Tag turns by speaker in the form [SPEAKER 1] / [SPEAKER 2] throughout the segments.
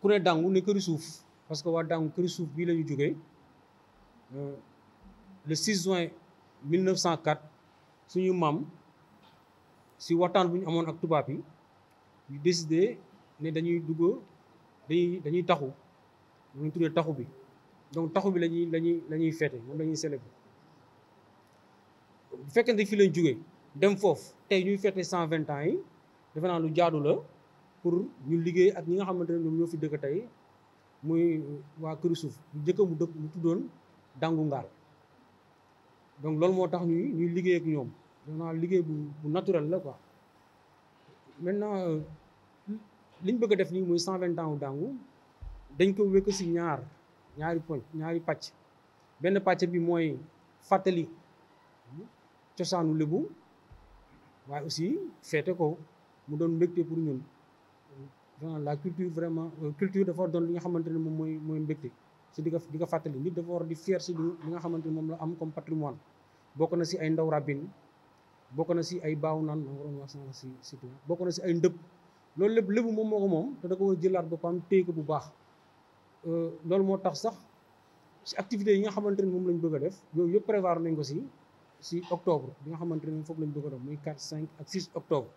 [SPEAKER 1] ku ne dàngu ne këri suuf parce que waa dàngu këri suuf bii la ñu jógee euh, le 6 juin 1904 suñu maam si waxtaan bu ñu amoon ak tubaab yi ñu décidé ne dañuy dugg dañuy dañuy taxu dañuy tuddee taxu bi donc taxu bi lañuy lañuy la ñuy fêté moom la ñuy célébrer bu fekkente fii lañ jóge dem foofu tey ñuy cent vingt ans yi defe naa lu jaadu la pour ñu liggéey ak ñi nga xamante ne ñoom ñoo fi dëkk tey muy waa këri suuf bu njëkk mu dëkk mu tuddoon dàngu ngaal donc loolu moo tax ñuy ñuy liggéey ak ñoom danaa liggéey bu bu naturel la quoi maintenant euh, liñ bëgg a def nii muy cent vingt ans wu dàngu dañ ko wékk si ñaar ñaari poñ ñaari pàcc benn pàcc bi mooy fàttali cosaanu lébu waaye aussi feete ko mu doon mbégte pour ñun la culture vraiment euh, culture dafa don li nga xamanteni mom moy moy mbekté ci diga diga fatali nit dafa war di fier ci li nga xamanteni mom la am comme patrimoine bokk na ci ay ndaw rabin bokk na ci ay baw nan mo waron wax sama ci ci bokk na ci ay ndëpp lolou lepp lepp mom moko mom da ko jëlat bu pam tey ko bu baax euh lolou mo tax sax ci activité yi nga xamanteni mom lañu bëgg def yoy yëpp prévoir nañ ko ci ci octobre bi nga xamanteni fofu lañu bëgg def muy 4 5 ak 6 octobre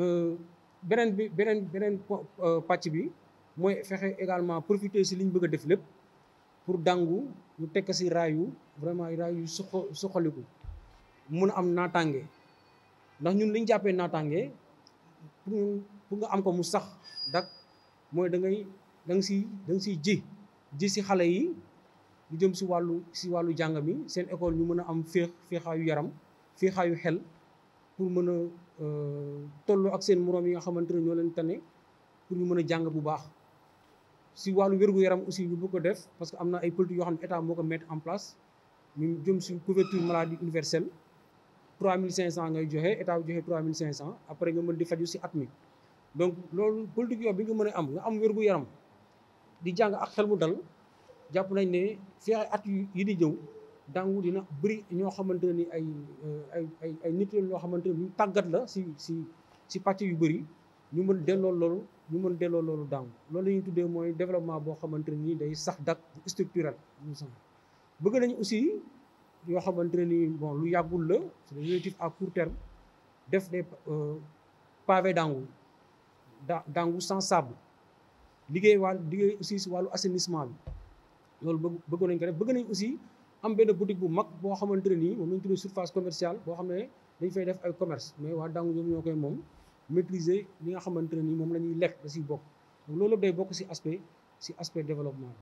[SPEAKER 1] euh, beneen bi beneen beneen euh, pàcc bi mooy fexe également profité si liñ bëgg a def lépp pour dàngu ñu tekk si raayu vraiment raayu suqo suqaliku mun a am naataange ndax ñun liñ jàppee naataange pour pour nga am ko mu sax dak mooy da ngay da nga si da nga siy ji ji si xale yi lu jëm si wàllu si wàllu jàng mi seen école ñu mën a am féex féexaayu yaram féexaayu xel pour mën a euh, tollu ak seen morom yi nga xamante ñoo leen tane pour ñu mëna a jàng bu baax si walu wér yaram aussi ñu bëgg ko def parce que amna ay politique yo xam état moko mettre en place ñu jëm ci couverture maladie universelle 3500 ngay joxe état bi joxe 3500 après nga mën di faju ci atmi donc loolu politique yo bi nga mëna am nga am wér yaram di jàng ak xel mu dal japp nañ ne fexe at yi di jëw dangu dina bari ñoo xamanteni ne ay euh, ay ay ay nit yoo xamante ñu la si si ci parti yu bari ñu mën delloo loolu ñu mën delloo loolu dang loolu la tuddé moy développement bo xamanteni ni day sax dak structurel ñu sax bëgg nañ aussi yo xamanteni bon lu yagul la c'est des à court terme def des euh, pavés d'angle d'angle sans sable liggéey wal liggéey aussi ci walu assainissement bi loolu bëgg nañ ko def bëgg nañ aussi am benn boutique bu mag boo xamante ne moom la ñu tuddee surface commerciale boo xam ne dañ fay def ay commerce mais waa dangu ñoom ñoo koy moom maitriser li nga xamante ne ni moom la ñuy lekk da bokk loolu day bokk si aspect si aspect développement